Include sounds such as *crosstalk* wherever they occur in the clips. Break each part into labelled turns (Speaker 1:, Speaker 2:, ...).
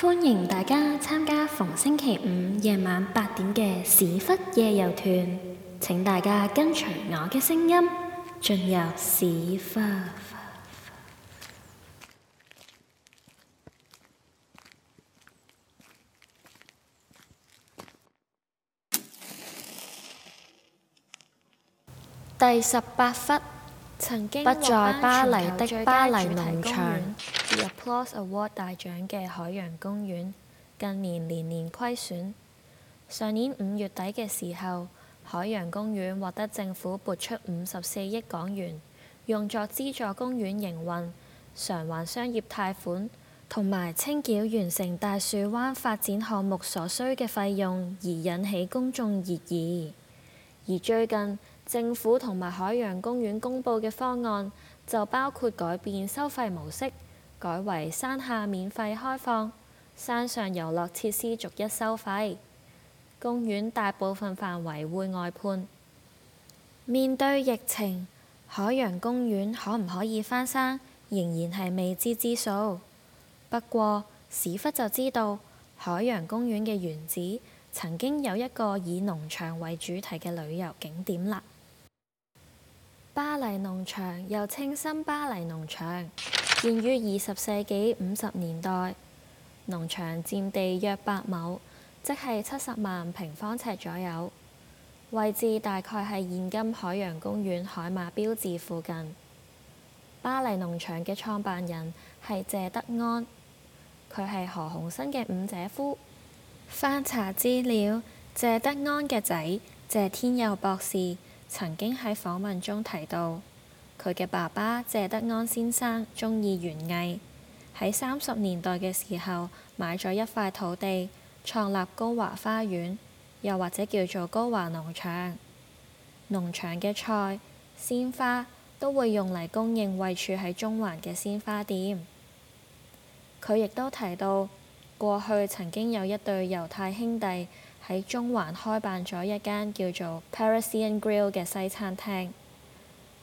Speaker 1: 歡迎大家參加逢星期五夜晚八點嘅史窟夜遊團。請大家跟隨我嘅聲音，進入史窟。第十八窟。曾經巴黎的巴黎農場主題公園、Applause Award 大獎嘅海洋公園，近年連年虧損。上年五月底嘅時候，海洋公園獲得政府撥出五十四億港元，用作資助公園營運、償還商業貸款同埋清繳完成大樹灣發展項目所需嘅費用，而引起公眾熱議。而最近政府同埋海洋公園公布嘅方案就包括改變收費模式，改為山下免費開放，山上遊樂設施逐一收費。公園大部分範圍會外判。面對疫情，海洋公園可唔可以翻生，仍然係未知之數。不過史窟就知道，海洋公園嘅原址曾經有一個以農場為主題嘅旅遊景點啦。巴黎農場又稱新巴黎農場，建於二十世紀五十年代。農場佔地約百畝，即係七十萬平方尺左右。位置大概係現今海洋公園海馬標誌附近。巴黎農場嘅創辦人係謝德安，佢係何鴻燊嘅五姐夫。翻查資料，謝德安嘅仔謝天佑博士。曾經喺訪問中提到，佢嘅爸爸謝德安先生中意園藝，喺三十年代嘅時候買咗一塊土地，創立高華花園，又或者叫做高華農場。農場嘅菜、鮮花都會用嚟供應位處喺中環嘅鮮花店。佢亦都提到，過去曾經有一對猶太兄弟。喺中環開辦咗一間叫做 Parisian Grill 嘅西餐廳。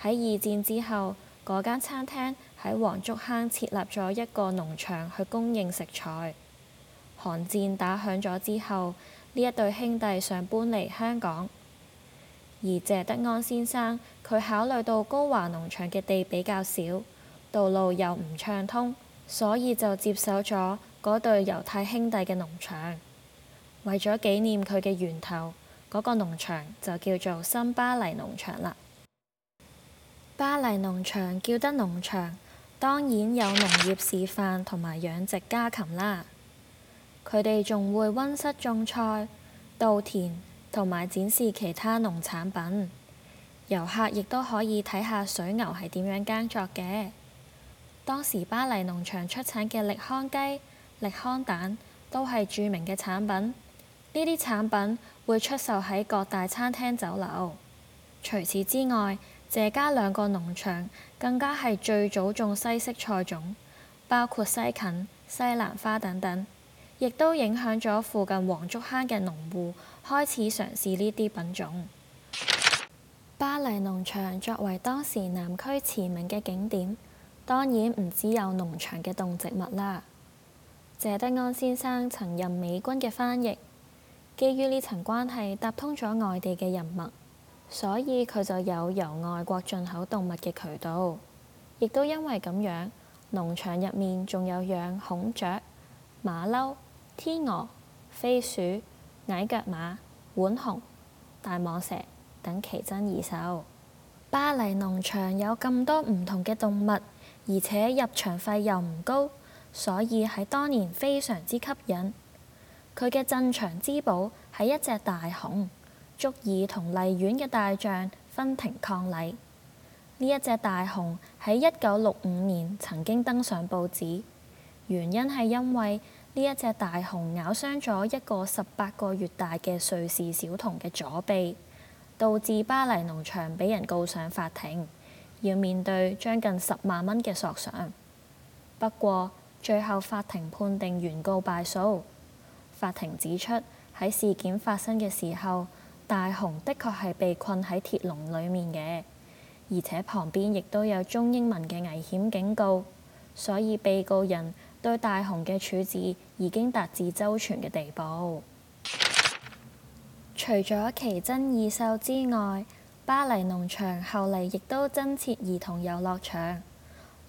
Speaker 1: 喺二戰之後，嗰間餐廳喺黃竹坑設立咗一個農場去供應食材。韓戰打響咗之後，呢一對兄弟想搬離香港，而謝德安先生佢考慮到高華農場嘅地比較少，道路又唔暢通，所以就接手咗嗰對猶太兄弟嘅農場。為咗紀念佢嘅源頭，嗰個農場就叫做新巴黎農場啦。巴黎農場叫得農場，當然有農業示範同埋養殖家禽啦。佢哋仲會溫室種菜、稻田同埋展示其他農產品。遊客亦都可以睇下水牛係點樣耕作嘅。當時巴黎農場出產嘅力康雞、力康蛋都係著名嘅產品。呢啲產品會出售喺各大餐廳酒樓。除此之外，謝家兩個農場更加係最早種西式菜種，包括西芹、西蘭花等等，亦都影響咗附近黃竹坑嘅農戶開始嘗試呢啲品種。巴黎農場作為當時南區馳名嘅景點，當然唔只有農場嘅動植物啦。謝德安先生曾任美軍嘅翻譯。基於呢層關係，搭通咗外地嘅人脈，所以佢就有由外國進口動物嘅渠道，亦都因為咁樣，農場入面仲有養孔雀、馬騮、天鵝、飛鼠、矮腳馬、浣熊、大蟒蛇等奇珍異獸。巴黎農場有咁多唔同嘅動物，而且入場費又唔高，所以喺當年非常之吸引。佢嘅鎮場之寶係一隻大熊，足以同荔園嘅大象分庭抗禮。呢一隻大熊喺一九六五年曾經登上報紙，原因係因為呢一隻大熊咬傷咗一個十八個月大嘅瑞士小童嘅左臂，導致巴黎農場俾人告上法庭，要面對將近十萬蚊嘅索償。不過，最後法庭判定原告敗訴。法庭指出，喺事件發生嘅時候，大熊的確係被困喺鐵籠裏面嘅，而且旁邊亦都有中英文嘅危險警告，所以被告人對大熊嘅處置已經達至周全嘅地步。 *noise* 除咗奇珍異獸之外，巴黎農場後嚟亦都增設兒童遊樂場，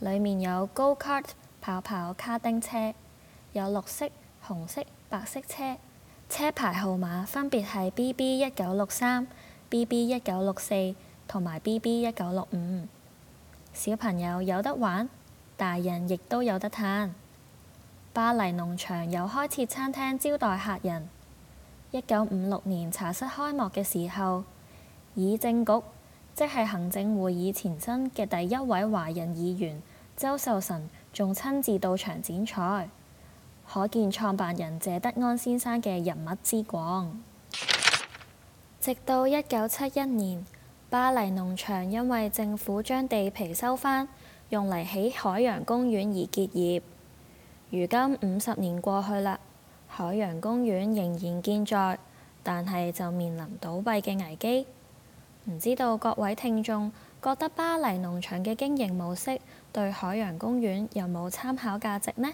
Speaker 1: 裏面有 go kart 跑跑卡丁車，有綠色、紅色。白色車車牌號碼分別係 B B 一九六三、B B 一九六四同埋 B B 一九六五。小朋友有得玩，大人亦都有得嘆。巴黎農場又開設餐廳招待客人。一九五六年茶室開幕嘅時候，議政局即係行政會議前身嘅第一位華人議員周壽臣，仲親自到場剪彩。可見創辦人謝德安先生嘅人脈之廣。直到一九七一年，巴黎農場因為政府將地皮收返，用嚟起海洋公園而結業。如今五十年過去啦，海洋公園仍然健在，但係就面臨倒閉嘅危機。唔知道各位聽眾覺得巴黎農場嘅經營模式對海洋公園有冇參考價值呢？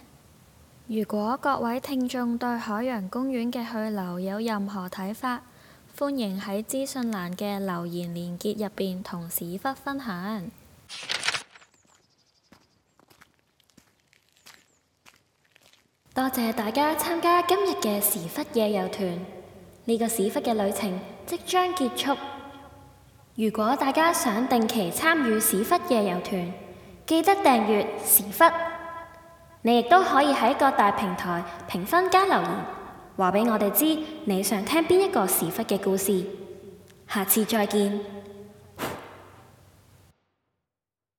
Speaker 1: 如果各位聽眾對海洋公園嘅去留有任何睇法，歡迎喺資訊欄嘅留言連結入邊同史窟分享。多謝大家參加今日嘅史窟夜遊團，呢、這個史窟嘅旅程即將結束。如果大家想定期參與史窟夜遊團，記得訂閱史窟。你亦都可以喺各大平台評分加留言，話俾我哋知你想聽邊一個時刻嘅故事。下次再見。